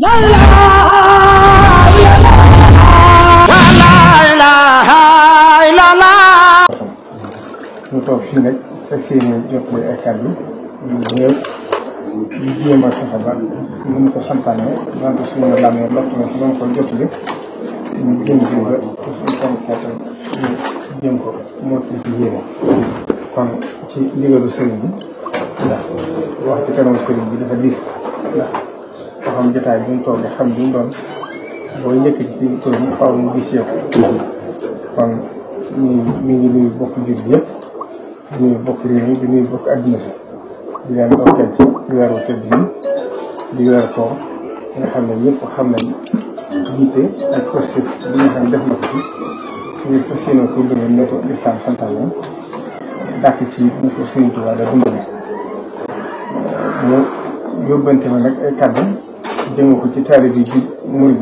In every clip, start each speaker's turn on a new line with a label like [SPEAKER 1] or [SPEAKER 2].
[SPEAKER 1] la la ñu toog fii nag fas yéene jot mooy ay kàddu yu néew yu jéem a fexe ba nu mu ko santaane wante suñu làmmee lott na si doon ko jotale ñu jéem ko ba suñu kon kàttan ñu jéem ko moo si si yéene kon ci ndigalu sëriñ bi ndax wax ci kanam sëriñ bi dafa diis ndax xam jotaay bi mu toog xam bi mu doon booy njëkk ci tur bi faaw mu gis yow. kon ñu ngi nuyu bokk jur yëpp di nuyu bokk si di leen dokkeel ci weeru tëdd yi di weer koor nga xam ne ñëpp xam nañ jiite ak posture bi nga na ko ci ñu fas yéene ko dundal ne ko lislaam santaane dàkk ci ñu ko Sëriñ Tuubaa da dundale mu yóbbante ma nag ay kàddu jëme ko ci taalibe bi ji murid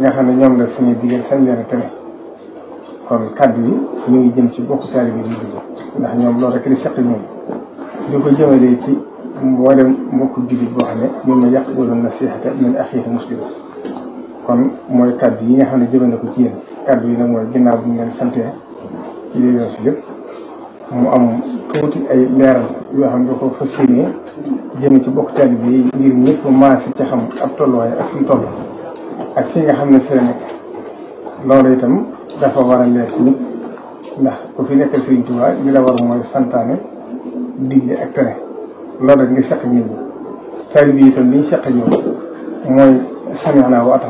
[SPEAKER 1] bi xam ne ñoom la suñuy digal sañ leen a tere kon kaddu yi ñu ngi jëm ci bokk taalibe bi ji ndax ñoom loolu rek di seq ñoom di ko jëmalee ci mboolem mbokku jullit boo xam ne ñoom ma yàq wala nasiihata min axiihi muslim kon mooy kaddu yi nga xam ne jëme na ko ci yéen kaddu yi nag mooy ginnaaw bu ñu leen santee ci li leen si lépp mu am tuuti ay leeral yoo xam ne da ko fas yéene jëme ci bokk taalibe bi ngir ñëpp maase ci xam ab tolluwaay ak fi mu toll ak nga xam ne fi la nekk loolu itam dafa war a leer ci ndax ku fi nekkal Sëriñ Tuubaa li la war mooy santaane digle ak tere loolu rek ngir seq nit mooy samihaanaa wa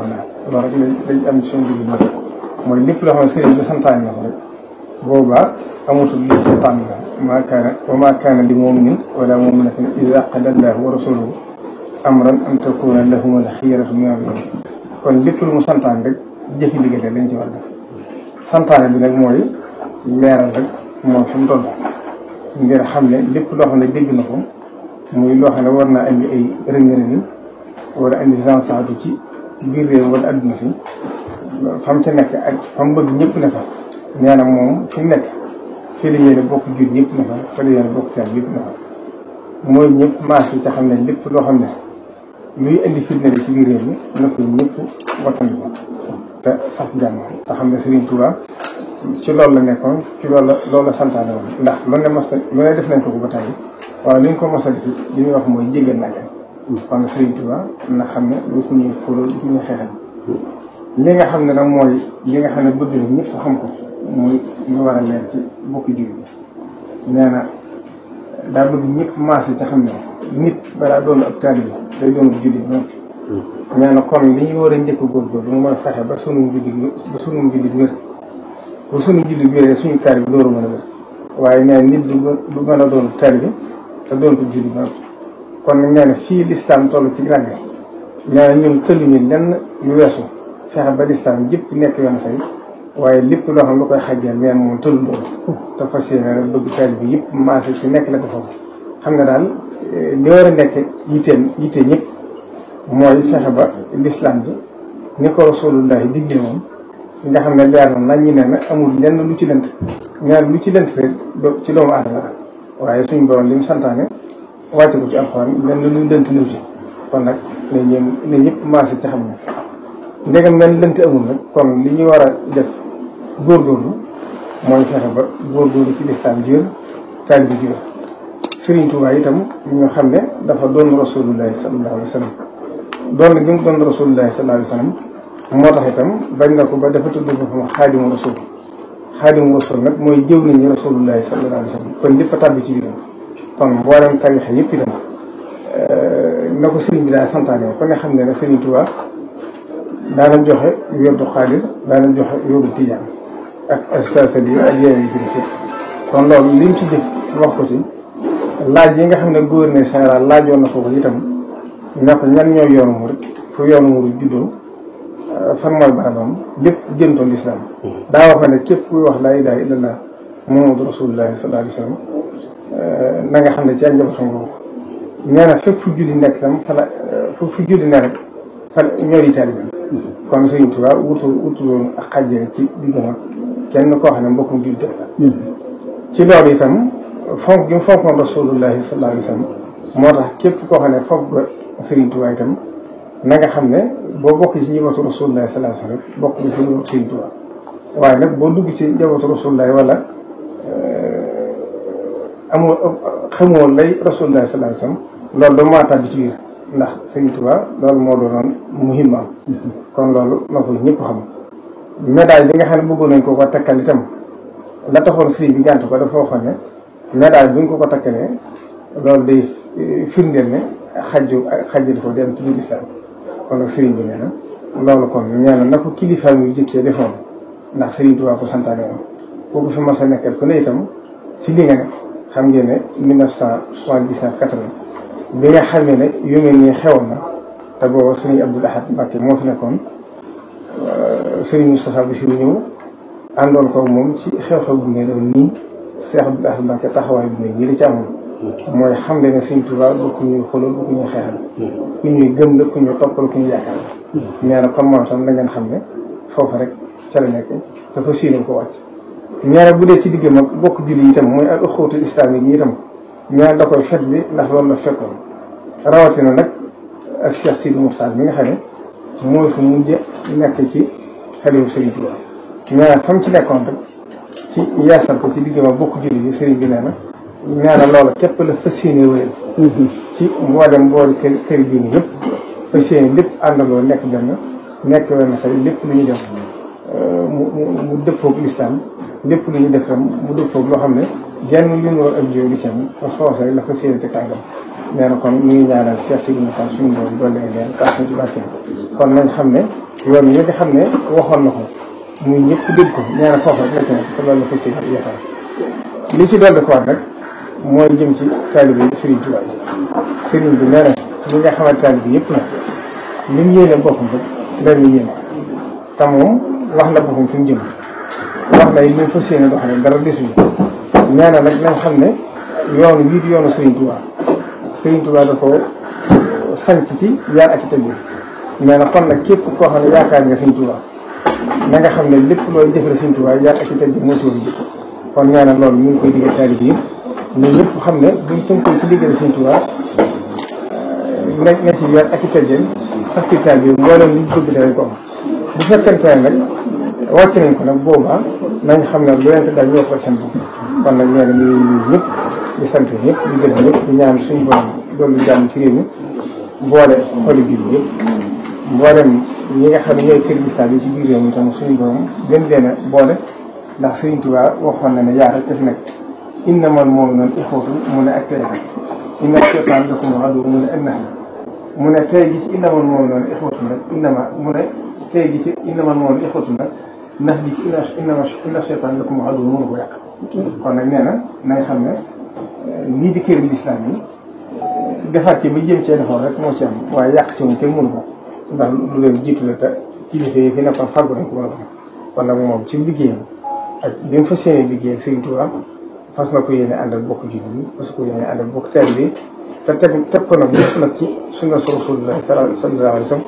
[SPEAKER 1] loolu rek lañ am ci suñu digg mooy lépp loo xam ne sëriñ bi santaane na ko rek بوبا أموتوا لي سلطان ما كان وما كان لمؤمن ولا مؤمنة إذا قدر الله ورسوله أمرا أن تكون لهم الخيرة من أمرهم كون جبت المسلطان رك جهي لك اللي انت وردك سلطان بنك موي ليرا رك موي فم طلع ندير حملة لبت الله أنا بيبي نقوم موي الله أنا ورنا أني أي رني رني ولا أني زان سعدوكي بيري ولا أدمسي فهمت أنك فهمت أنك فهمت أنك nee moom fi nekk fii la yéen a bokk jur ñëpp ne fa bokk taal yëpp ne mooy ñëpp maas yi ca xam ne lépp loo xam ne luy indi fitna ci biir réew mi na ko ñëpp wattandiku te sax jàmm te xam ne Serigne ci loolu la nekkoon ci loolu loolu la santaane ndax lu ne mos lu ne def nañ ko ba tàyyi waaye lu ñu ko mos a def wax mooy jégal naa leen mm. kon Serigne Touba xam ne lu ci لي خامن دا موي ليغا خامن بوج ني نيب خامكو موي ني وارا يكون هناك بوكي ديو نانا دا بوج نيب ماسي تا خامن نيب بلا دون اب طالب داي دون جولي نو نانا كوم لي ني ورا نديكو غور غور دوما فاتا يكون هناك جولي با سونو جولي وير با سونو جولي وير سونو طالب دورو مانا وير واي نانا نيب دو غانا دون طالب تا دون جولي نو كون نانا في يكون هناك تي غانغ نانا نيم تولي ني fexe ba lislaam yëpp nekk yoon say waaye lépp loo xam lu koy xajjal weer moom tënk ko te fas yéene bëgg taal bi yëpp maase ci nekk la ko foofu. xam nga daal li eh, war a nekk yiteen yite ñëpp mooy fexe ba lislaam bi ni ko rasulullahi digle moom nga xam ne leer na nañ ñi ne na amul lenn lu ci lënt ñaar lu ci lënt rek ci doomu aadama waaye suñ borom lim mu santaane wàcce ko ci alxuraan lenn lu lënt niw ci kon nag ne ñëm ne ñëpp maase ci xam ne ndegam mel lënt amul nag kon li ñu war a def góorgóorlu mooy fexe ba góorgóorlu ci lislaam jiwén taal bi jiwén Sëriñ Tuubaa itam ñu xam ne dafa doon rasulullahi sallallahu alayhi wa sallam doon gi mu doon rasulullahi sallallahu alayhi wa sallam moo tax itam bañ na ko ba dafa tudd ko xam xaadimu rasul xaadimu rasul nag mooy jëw nañu rasulullahi sallallahu alayhi wa sallam kon lépp a tàbbi ci biiram kon mboolem tarixa yëpp itam euh, na ko sëriñ bi daal santaane ko ne xam ne ne Sëriñ Tuubaa daana joxe yóbbu xaalis daana joxe yóbbu tijaan ak astasali yi ak yeneen yi ci def kon loolu liñ ci jëf wax ko ci laaj yi nga xam ne gouverneur général laajoon na ko ko itam ne ko ñan ñooy yoonu murit fu yoonu murit juddoo fan mooy barabam lépp jëntoon lislaam daa wax ne képp kuy wax laa ilaaha illallaah muhammadu rasuulullaahi sallallaahu alayhi wa sallam eh, na nga xam ne ci ak njabootam nga ko nee na fépp fu julli nekk tam fa la eh, fu julli ne rek fa ñoo di taalibe kon Sëriñ Tuubaa wutul wutul woon ak xàjjale ci diggam ak kenn koo xam ne mbokkum jullit la hmm. ci loolu itam fonk gi mu fonkoon rasulullahi sallallahu moo tax képp koo xam ne fonk nga Sëriñ Tuubaa xam ne boo bokk ci njabootu rasulullahi sallallahu alayhi wa sallam bokk nga waaye nag boo dugg ci njabootu rasulullahi wala euh, amoo xamoo lay rasulullahi sallallahu alayhi wa sallam loolu da maa ci biir ndax sëñ Tuubaa loolu moo doonoon muhimma kon loolu na ko ñëpp xam médaille bi nga xam ne bëggoon nañ ko ko takkal itam la taxoon sëriñ bi gànt ko dafa waxoon ne médaille bu ñu ko ko takkalee loolu day eh, firndeel ne xajju xajju dafa dem ci biir islam kon nag sëriñ bi nee na loolu kon nee na na ko kilifaam yu jëkkee defoon ndax sëriñ Tuubaa ko santaane woon kooku fi mos a nekkal ku ne itam si li nga ne xam ngeen ne mille cent quatre-vingt bi nga xamee ne yu mel nii xew na te booba sëriñ Abdoul Ahad Mbacké moo fi nekkoon sëriñ Moustapha Bassirou ñëw àndoon ko moom ci xew-xew bu ngeen doon nii Cheikh Abdoul Ahad Mbacké taxawaay bu ngeen ñi ci amoon mooy xam le ne sëriñ Tuubaa bu ku ñuy xoolal bu ku ñuy xeexal ku ñuy gëm la ku ñuy toppal ku ñuy yaakaar nee na comme moom tam da ngeen xam ne foofu rek ca la nekk dafa siiné ko wàcc ñaare bu dee ci digg mag bokk julli itam mooy al uxuwatul islamique yi itam mais da koy fet bi ndax loolu la fekkoon rawatina nag ak Cheikh Sidi Moukhtar bi nga xam ne mooy fu mujj nekk ci xalifu Serigne Touba mais fam ci nekkoon rek ci yaasal ko ci diggante bokk julli yi Serigne bi nee na nee na loola képp la fas yéene wéyal mhm. ci mboolem boori kër kër diine yëpp fas lépp àndaloo nekk benn nekk wenn xarit lépp lu ñu def mu mu mu dëppoog lislaam lépp lu ñu def mu dëppoog loo xam ne genn lu ñu war ak jiw di ci am ba soos la ko séenati tàggam. nee kon ñu ngi ñaanal Cheikh Sidi Moussa suñu doom doole leen tax na ci barkeem kon nañ xam ne yoon yi nga xam ne waxoon na ko muy ñëpp dégg ko nee na foofu rek la li ci dolli ko wax rek mooy jëm ci taalibe yi Serigne Touba Serigne bi nee na li nga xamante taalibe yëpp nag li mu yéene boppam rek lenn yéene te wax na boppam fi mu jëm wax na it ñu fas yéene doxalee dara desuñu ñaanal nag na xam ne yoon wii di yoonu Serigne Touba Serigne Touba dafa sanc ci yaar ak i tëdd na kon nag képp koo xam ne yaakaar nga Serigne Touba na nga xam ne lépp looy jëfale Serigne Touba yaar ak i tëdd moo ci war kon ñaanal loolu ñu koy digal taalib yi mais xam ne buñ tënkoo ci liggéey Serigne Touba nañ na ci yaar ak i tëdd sax ci taalib yi mboolem liñ bëgg ko wàcc nañ ko nag boobaa nañ xam na lu leen dal ñoo ko seen bopp kon nag nee na ñu ngi ñëpp di sant ñëpp di gërëm ñëpp di ñaan suñu borom doolu jàmm ci réew mi boole xoli biir yëpp mboolem ñi nga xam ne ñooy Kirgistan yi ci biir réew mi tam suñu borom gën a boole ndax Sëriñ Tuubaa waxoon na ne yaa rek daf nekk innamal mu'minuuna ixwatun mu ne ak tey inna shaytaana lakum aduwwun mu ne ak nax mu ne tey gi ci innamal mu'minuuna ixwatun rek innama mu ne tey gi ci innamal mu'minuuna ixwatun rek ndax ji ci inna inna inna seytaan lakum aduw mënu ko yàq. kon na na xam ne eh, lii di kër gi lislaam yi eh, defar ci ba jëm cee defar rek moo ci am waaye yàq ci moom kenn mënu ko ndax lu leen jiitu la te kilifa yi fi nekkoon fàggu nañ ko mën a ko kon nag moom ci liggéeyam ak bi mu fas yéene liggéeyal Sëriñ Tuubaa fas na ko yéene àndal bokk jullit yi fas ko yéene àndal bokk taalibe bi te teg teg ko nag ñëpp nag ci sunna Rasulullah sallallahu alayhi wa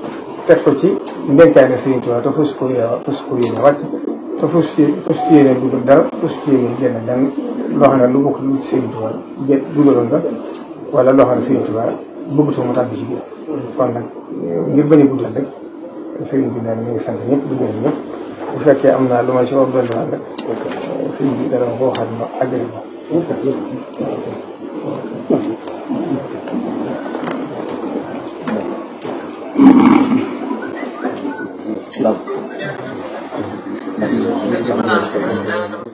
[SPEAKER 1] teg ko ci ndénkaay la Sëriñ Tuubaa te fas ko yéene fas ko yéene te fas ci fas ci yéene dugal dara fas ci yéene génn dan lu bokk lu ci Sëriñ Tuubaa jé dugaloon la wala loo xam ne Sëriñ Tuubaa bëggatoo mu tàbbi ci ngir bañ a guddal daal mi ngi sant bu fekkee am naa lu ma ci wax doon naa Amen.